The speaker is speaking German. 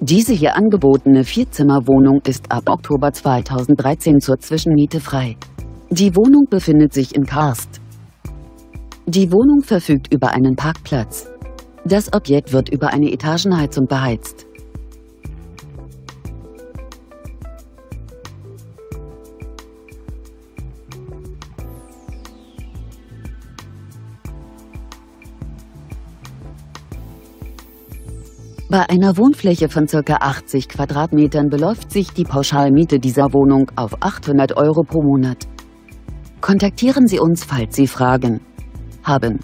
Diese hier angebotene Vierzimmerwohnung ist ab Oktober 2013 zur Zwischenmiete frei. Die Wohnung befindet sich in Karst. Die Wohnung verfügt über einen Parkplatz. Das Objekt wird über eine Etagenheizung beheizt. Bei einer Wohnfläche von ca. 80 Quadratmetern beläuft sich die Pauschalmiete dieser Wohnung auf 800 Euro pro Monat. Kontaktieren Sie uns, falls Sie Fragen haben.